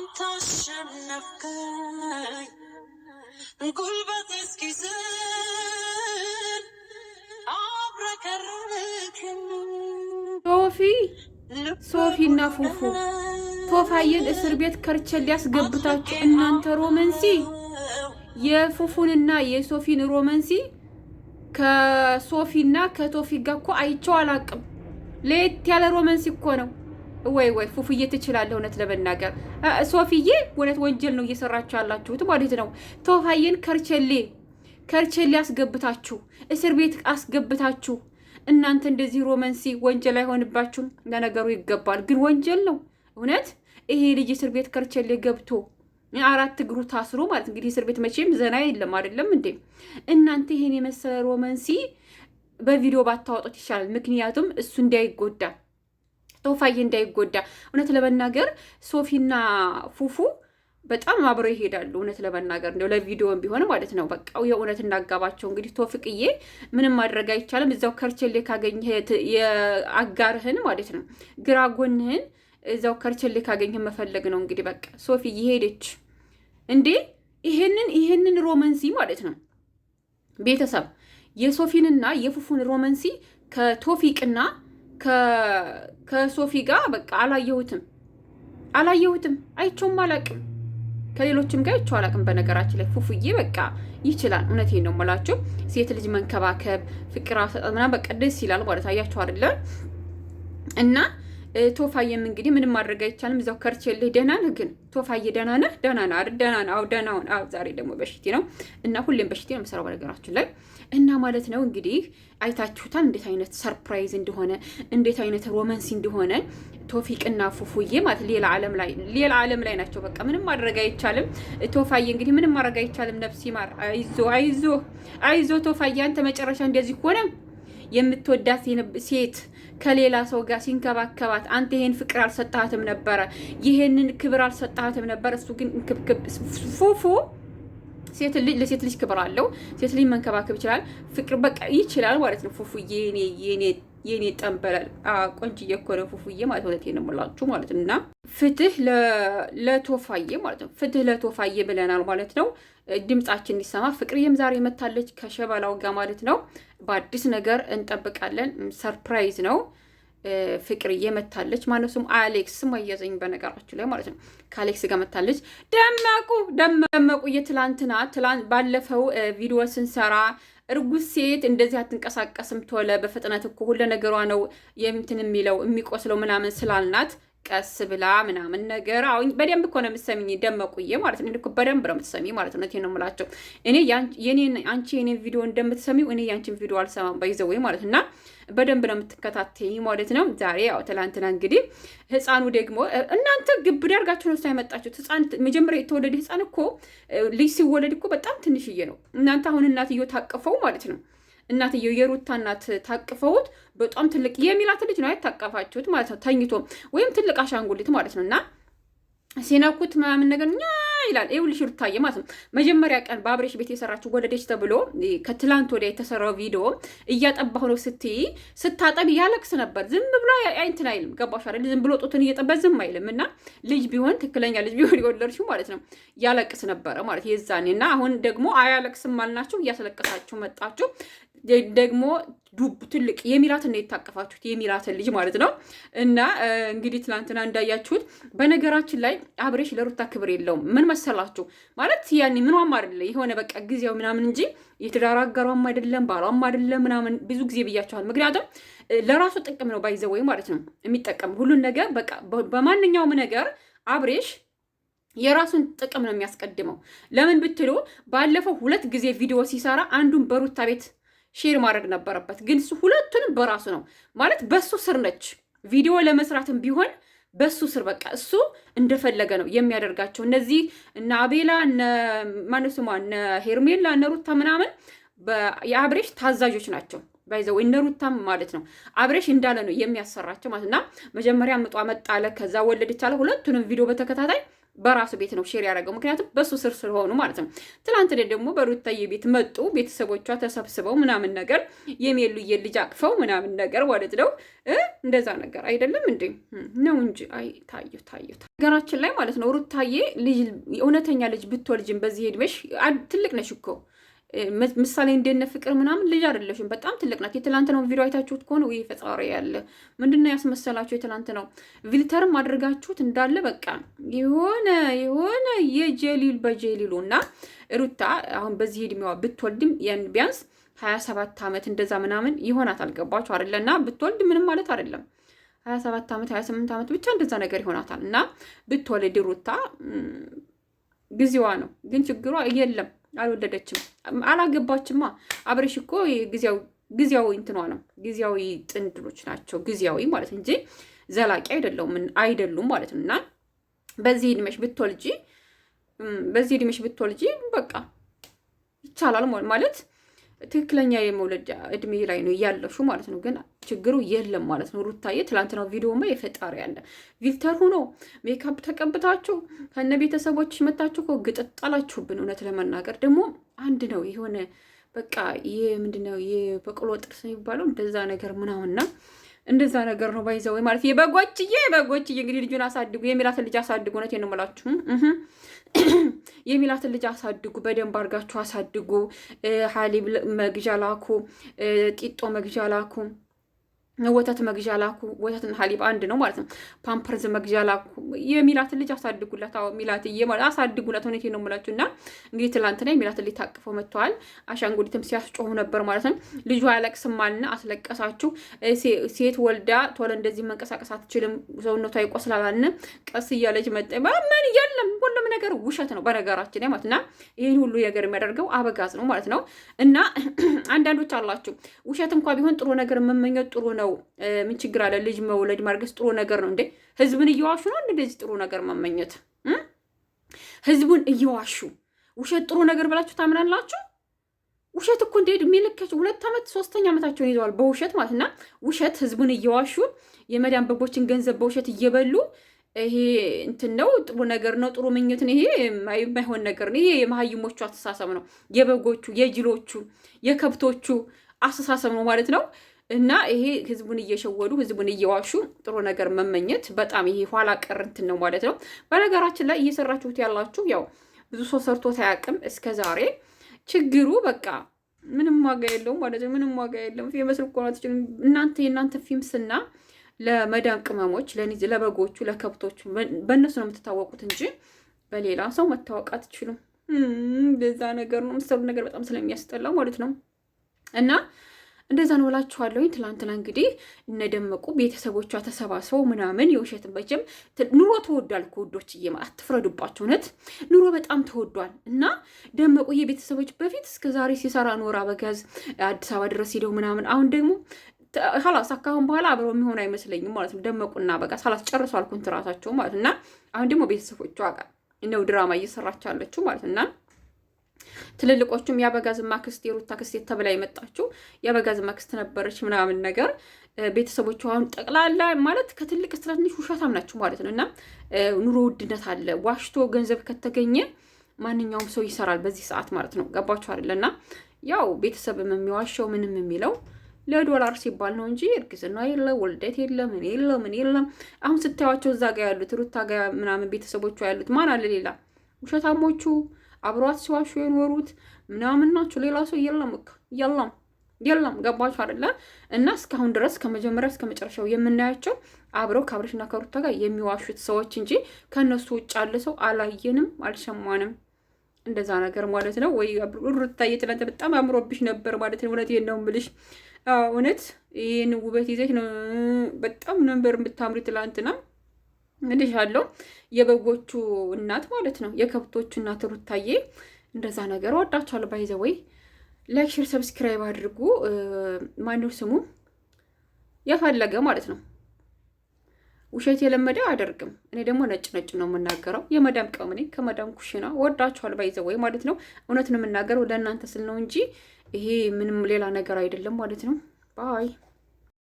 አንተ አሸነፍከኝ ጉልበት ሶፊ ሶፊ እና ፉፉ ቶፋየን እስር ቤት ከርቸል ሊያስገብታችሁ እናንተ ሮመንሲ የፉፉንና የሶፊን ሮመንሲ ከሶፊና ከቶፊ ጋር እኮ አይቼው አላቅም። ለየት ያለ ሮመንሲ እኮ ነው። ወይ ወይ ፉፉዬ ትችላለህ። እውነት ለመናገር ሶፊዬ እውነት ወንጀል ነው እየሰራችሁ ያላችሁት ማለት ነው። ቶፋዬን ከርቸሌ ከርቸሌ አስገብታችሁ እስር ቤት አስገብታችሁ እናንተ እንደዚህ ሮመንሲ ወንጀል አይሆንባችሁም። ለነገሩ ይገባል፣ ግን ወንጀል ነው እውነት። ይሄ ልጅ እስር ቤት ከርቸሌ ገብቶ አራት እግሩ ታስሮ ማለት እንግዲህ እስር ቤት መቼም ዘና የለም አይደለም እንዴ? እናንተ ይሄን የመሰለ ሮመንሲ በቪዲዮ ባታወጡት ይሻላል። ምክንያቱም እሱ እንዳይጎዳ ቶፋዬ እንዳይጎዳ እውነት ለመናገር ሶፊና ፉፉ በጣም አብረው ይሄዳሉ። እውነት ለመናገር እንደው ለቪዲዮም ቢሆን ማለት ነው። በቃ የእውነት እናጋባቸው። እንግዲህ ቶፍቅዬ ምንም ማድረግ አይቻልም። እዛው ከርቸሌ ካገኘ የአጋርህን ማለት ነው ግራ ጎንህን እዛው ከርቸሌ ካገኘህ መፈለግ ነው እንግዲህ በቃ ሶፊ ይሄደች እንዴ! ይሄንን ይሄንን ሮመንሲ ማለት ነው ቤተሰብ የሶፊንና የፉፉን ሮመንሲ ከቶፊቅና ከሶፊ ጋር በቃ አላየሁትም አላየሁትም አይቼውም አላቅም። ከሌሎችም ጋር አይቼው አላቅም። በነገራችን ላይ ፉፉዬ በቃ ይችላል። እውነቴን ነው የምላችሁ። ሴት ልጅ መንከባከብ፣ ፍቅር አሰጣጥ ምናምን በቃ ደስ ይላል ማለት አያችሁ አይደለም እና ቶፋዬም እንግዲህ ምንም ማድረግ አይቻልም። እዛው ከርቼልህ ደህና ነህ ግን ቶፋዬ ደህና ነህ? ደህና ነህ አይደል? ደህና ነህ? አዎ ደህና ነህ። አዎ ዛሬ ደግሞ በሽቲ ነው እና ሁሌም በሽቲ ነው የምሰራው በነገራችን ላይ እና ማለት ነው እንግዲህ አይታችሁታል፣ እንዴት አይነት ሰርፕራይዝ እንደሆነ እንዴት አይነት ሮመንሲ እንደሆነ ቶፊቅና ፉፉዬ ማለት ሌላ ዓለም ላይ ሌላ ዓለም ላይ ናቸው። በቃ ምንም ማድረግ አይቻልም። ቶፋዬ እንግዲህ ምንም ማድረግ አይቻልም። ነፍሲ ማር አይዞ አይዞ አይዞ ቶፋዬ አንተ መጨረሻ እንደዚህ ከሆነ የምትወዳት ሴት ከሌላ ሰው ጋር ሲንከባከባት አንተ ይሄን ፍቅር አልሰጣትም ነበረ፣ ይሄንን ክብር አልሰጣትም ነበር። እሱ ግን ፉፉ ሴት ልጅ ለሴት ልጅ ክብር አለው። ሴት ልጅ መንከባከብ ይችላል፣ ፍቅር በቃ ይችላል ማለት ነው። ፉፉ የኔ የኔ የኔ ጠንበላል ቆንጅዬ እኮ ነው ፉፉዬ ማለት እውነቴን ነው የምላችሁ ማለት ነው። እና ፍትህ ለቶፋዬ ማለት ነው። ፍትህ ለቶፋዬ ብለናል ማለት ነው። ድምጻችን እንዲሰማ ፍቅርዬም ዛሬ መታለች ከሸበላው ጋር ማለት ነው። በአዲስ ነገር እንጠብቃለን። ሰርፕራይዝ ነው። ፍቅርዬ መታለች ማለት ነው። አሌክስ ማያዘኝ በነገራችሁ ላይ ማለት ነው። ከአሌክስ ጋር መታለች። ደመቁ ደመቁ የትላንትና ትላንት ባለፈው ቪዲዮ ስንሰራ እርጉዝ ሴት እንደዚህ አትንቀሳቀስም ቶለ በፍጥነት እኮ ሁለ ነገሯ ነው የምትን የሚለው የሚቆስለው ምናምን ስላልናት ቀስ ብላ ምናምን ነገር አሁን በደንብ እኮ ነው የምትሰሚኝ፣ ደመቁዬ ማለት ነው። በደንብ ነው የምትሰሚኝ ማለት ነው። እውነቴን ነው የምላቸው። እኔ አንቺ የኔን ቪዲዮ እንደምትሰሚው እኔ ያንቺን ቪዲዮ አልሰማም ባይዘወይ ማለት እና በደንብ ነው የምትከታተኝ ማለት ነው። ዛሬ ያው ትላንትና እንግዲህ ህፃኑ ደግሞ እናንተ ግብ አድርጋችሁ ነው ያመጣችሁት። ህፃን መጀመሪያ የተወለደ ህፃን እኮ ልጅ ሲወለድ እኮ በጣም ትንሽዬ ነው። እናንተ አሁን እናትዮ ታቅፈው ማለት ነው እናትየው የሩታ እናት ታቅፈውት በጣም ትልቅ የሚላት ልጅ ነው ያታቀፋችሁት ማለት ነው። ተኝቶ ወይም ትልቅ አሻንጉሊት ማለት ነው እና ሲነኩት ምናምን ነገር እኛ ይላል ይኸውልሽ ሩታዬ ማለት ነው። መጀመሪያ ቀን በአብሬሽ ቤት የሰራችው ወለደች ተብሎ ከትላንት ወዲያ የተሰራው ቪዲዮ እያጠባሁ ነው ስትይ ስታጠብ ያለቅስ ነበር። ዝም ብሎ አይንትን አይልም። ገባሽ አይደል? ዝም ብሎ ጡትን እየጠባ ዝም አይልም። እና ልጅ ቢሆን ትክክለኛ ልጅ ቢሆን የወለድሽው ማለት ነው ያለቅስ ነበረ ማለት የዛኔ። እና አሁን ደግሞ አያለቅስም አልናችሁ፣ እያስለቀሳችሁ መጣችሁ። ደግሞ ዱብ ትልቅ የሚራትን ነው የታቀፋችሁት፣ የሚላትን ልጅ ማለት ነው። እና እንግዲህ ትናንትና እንዳያችሁት፣ በነገራችን ላይ አብሬሽ ለሩታ ክብር የለውም። ምን መሰላችሁ ማለት ያኔ ምኗም አይደለ የሆነ በቃ ጊዜው ምናምን እንጂ የትዳር አጋሯም አይደለም ባሏም አይደለም ምናምን፣ ብዙ ጊዜ ብያችኋል። ምክንያቱም ለራሱ ጥቅም ነው ወይ ማለት ነው የሚጠቀም ሁሉን ነገር በቃ በማንኛውም ነገር አብሬሽ የራሱን ጥቅም ነው የሚያስቀድመው። ለምን ብትሉ ባለፈው ሁለት ጊዜ ቪዲዮ ሲሰራ አንዱን በሩታ ቤት ሼር ማድረግ ነበረበት። ግን እሱ ሁለቱንም በራሱ ነው ማለት በሱ ስር ነች። ቪዲዮ ለመስራትም ቢሆን በሱ ስር በቃ እሱ እንደፈለገ ነው የሚያደርጋቸው። እነዚህ እነ አቤላ እነ ማነው ስሟ እነ ሄርሜላ እነ ሩታ ምናምን የአብሬሽ ታዛዦች ናቸው። ባይዘው እነ ሩታም ማለት ነው አብሬሽ እንዳለ ነው የሚያሰራቸው ማለት እና መጀመሪያ ምጧ መጣለ፣ ከዛ ወለደች ሁለቱንም ቪዲዮ በተከታታይ በራሱ ቤት ነው ሼር ያደረገው፣ ምክንያቱም በሱ ስር ስለሆኑ ማለት ነው። ትናንት ደግሞ በሩታዬ ቤት መጡ ቤተሰቦቿ ተሰብስበው ምናምን ነገር የሚሉዬ ልጅ አቅፈው ምናምን ነገር ማለት ነው። እንደዛ ነገር አይደለም እንዴ ነው እንጂ አይ ታዩ ታዩ ነገራችን ላይ ማለት ነው። ሩታዬ ልጅ እውነተኛ ልጅ ብትወልጅም በዚህ ዕድሜሽ ትልቅ ነሽ እኮ ምሳሌ እንደነ ፍቅር ምናምን ልጅ አይደለሽም፣ በጣም ትልቅ ናት። የትላንትናው ቪዲዮ አይታችሁት ከሆነ ወይ ፈጣሪ ያለ ምንድነው ያስመሰላችሁ? የትላንትናው ቪልተርም አድርጋችሁት እንዳለ በቃ የሆነ የሆነ የጀሊል በጀሊሉ እና ሩታ አሁን በዚህ እድሜዋ ብትወልድም ያን ቢያንስ ሀያ ሰባት ዓመት እንደዛ ምናምን ይሆናት አልገባችሁ አይደለ? እና ብትወልድ ምንም ማለት አይደለም 27 ዓመት 28 ዓመት ብቻ እንደዛ ነገር ይሆናታል። እና ብትወልድ ሩታ ጊዜዋ ነው። ግን ችግሯ የለም አልወደደችም። አላገባችማ። አብረሽ እኮ ጊዜያዊ ጊዜያዊ እንትኗ ነው። ጊዜያዊ ጥንድሎች ናቸው። ጊዜያዊ ማለት እንጂ ዘላቂ አይደለም አይደሉም ማለት ነው። እና በዚህ እድሜሽ ብትወልጂ በዚህ እድሜሽ ብትወልጂ በቃ ይቻላል ማለት ትክክለኛ የመውለጃ እድሜ ላይ ነው እያለሹ ማለት ነው። ግን ችግሩ የለም ማለት ነው። ሩታዬ ትላንትና ቪዲዮማ የፈጣሪ ያለ ቪልተር ሆኖ ሜካፕ ተቀብታችሁ ከነ ቤተሰቦች መታችሁ እኮ ግጥጣላችሁብን። እውነት ለመናገር ደግሞ አንድ ነው የሆነ በቃ ይሄ ምንድነው የበቅሎ ጥርስ የሚባለው እንደዛ ነገር ምናምንና እንደዛ ነገር ነው ባይዘው ማለት የበጎችዬ በጎችዬ እንግዲህ ልጁን አሳድጉ የሚላትን ልጅ አሳድጉ። እውነቴን ነው የምላችሁ የሚላትን ልጅ አሳድጉ፣ በደንብ አድርጋችሁ አሳድጉ። ሀሊብ መግዣ ላኩ፣ ጢጦ መግዣ ላኩ። ወተት መግዣ ላኩ። ወተትና ሀሊብ አንድ ነው ማለት ነው። ፓምፐርዝ መግዣ ላኩ። የሚላትን ልጅ አሳድጉላት። አዎ ሚላትዬ ማለት አሳድጉላት። እውነቴን ነው የምላችሁ። እና እንግዲህ ትላንትና የሚላትን ልጅ ታቅፈው መጥተዋል። አሻንጉሊትም ሲያስጮሁ ነበር ማለት ነው። ልጁ አያለቅስም አልና አስለቀሳችሁ። ሴት ወልዳ ቶሎ እንደዚህ መንቀሳቀስ አትችልም፣ ሰውነቷ ይቆስላላን ቀስ እያለች መጠ ምን የለም ሁሉም ነገር ውሸት ነው በነገራችን ማለት እና ይህን ሁሉ ነገር የሚያደርገው አበጋዝ ነው ማለት ነው። እና አንዳንዶች አላችሁ ውሸት እንኳ ቢሆን ጥሩ ነገር መመኘት ጥሩ ነው ያው ምን ችግር አለ? ልጅ መውለድ ማርገዝ ጥሩ ነገር ነው እንዴ? ህዝብን እየዋሹ ነው እንደዚህ ጥሩ ነገር መመኘት። ህዝቡን እየዋሹ ውሸት ጥሩ ነገር ብላችሁ ታምናላችሁ? ውሸት እኮ እንደ እድሜ ልካቸው ሁለት ዓመት ሶስተኛ ዓመታቸውን ይዘዋል በውሸት ማለት እና ውሸት ህዝቡን እየዋሹ የመዳን በጎችን ገንዘብ በውሸት እየበሉ ይሄ እንትን ነው ጥሩ ነገር ነው ጥሩ ምኞት ነው። ይሄ የማይሆን ነገር ነው። ይሄ የመሀይሞቹ አስተሳሰብ ነው። የበጎቹ፣ የጅሎቹ፣ የከብቶቹ አስተሳሰብ ነው ማለት ነው። እና ይሄ ህዝቡን እየሸወዱ ህዝቡን እየዋሹ ጥሩ ነገር መመኘት በጣም ይሄ ኋላ ቀር እንትን ነው ማለት ነው። በነገራችን ላይ እየሰራችሁት ያላችሁ ያው ብዙ ሰው ሰርቶ ታያቅም እስከ ዛሬ። ችግሩ በቃ ምንም ዋጋ የለውም ማለት ነው። ምንም ዋጋ የለውም። ፌመስ ልኮናትችል እናንተ የእናንተ ፊምስና ለመዳን ቅመሞች ለበጎቹ፣ ለከብቶቹ በእነሱ ነው የምትታወቁት እንጂ በሌላ ሰው መታወቅ አትችሉም። በዛ ነገር ነው የምትሰሩ ነገር በጣም ስለሚያስጠላው ማለት ነው እና እንደዛ ነው እላችኋለሁ። ትላንትና እንግዲህ እነደመቁ ቤተሰቦቿ ተሰባስበው ምናምን የውሸትን መቼም ኑሮ ተወዷል ከወዶች እየማ አትፍረዱባቸው። እውነት ኑሮ በጣም ተወዷል እና ደመቁ የቤተሰቦች በፊት እስከ ዛሬ ሲሰራ ኖራ በጋዝ አዲስ አበባ ድረስ ሄደው ምናምን አሁን ደግሞ ላስ አካሁን በኋላ አብረው የሚሆን አይመስለኝም ማለት ነው። ደመቁና በጋዝ ሳላስ ጨርሶ አልኩን ማለት እና አሁን ደግሞ ቤተሰቦቿ ጋር ነው ድራማ እየሰራች ያለችው ማለት እና ትልልቆቹም የአበጋዝማ ክስት የሩታ ክስት ተብላ የመጣችው የአበጋዝማ ክስት ነበረች ምናምን ነገር ቤተሰቦች አሁን ጠቅላላ ማለት ከትልቅ ትናንሽ ውሸታም ናቸው ማለት ነው። እና ኑሮ ውድነት አለ። ዋሽቶ ገንዘብ ከተገኘ ማንኛውም ሰው ይሰራል በዚህ ሰዓት ማለት ነው። ገባችሁ አይደለ? እና ያው ቤተሰብም የሚዋሸው ምንም የሚለው ለዶላር ሲባል ነው እንጂ እርግዝና የለ ወልደት የለ ምን የለ ምን የለም። አሁን ስታዩቸው እዛ ጋ ያሉት ሩታ ጋ ምናምን ቤተሰቦቿ ያሉት ማን አለ ሌላ ውሸታሞቹ አብሯት ሲዋሹ የኖሩት ምናምን ናቸው። ሌላ ሰው የለም የለም የለም። ገባችሁ አይደለ? እና እስካሁን ድረስ ከመጀመሪያ እስከ መጨረሻው የምናያቸው አብረው ከአብረሽና ከሩታ ጋር የሚዋሹት ሰዎች እንጂ ከእነሱ ውጭ ያለ ሰው አላየንም፣ አልሰማንም። እንደዛ ነገር ማለት ነው ወይ? ሩታ? ትናንት በጣም አምሮብሽ ነበር ማለት ነው። እውነት እውነቴን ነው የምልሽ። እውነት ይህን ውበት ይዘሽ ነው በጣም ነበር የምታምሪ ትላንትና እንግዲህ ያለው የበጎቹ እናት ማለት ነው የከብቶቹ እናት ሩታዬ እንደዛ ነገር ወዳችኋል። ባይዘወይ ላይክ፣ ሼር፣ ሰብስክራይብ አድርጉ። ማንው ስሙ የፈለገ ማለት ነው ውሸት የለመደ አያደርግም። እኔ ደግሞ ነጭ ነጭ ነው የምናገረው። የመዳም ቀም እኔ ከመዳም ኩሽና ወዳችኋል። ባይዘወይ ማለት ነው እውነት ነው የምናገረው ለእናንተ ስል ነው እንጂ ይሄ ምንም ሌላ ነገር አይደለም ማለት ነው ባይ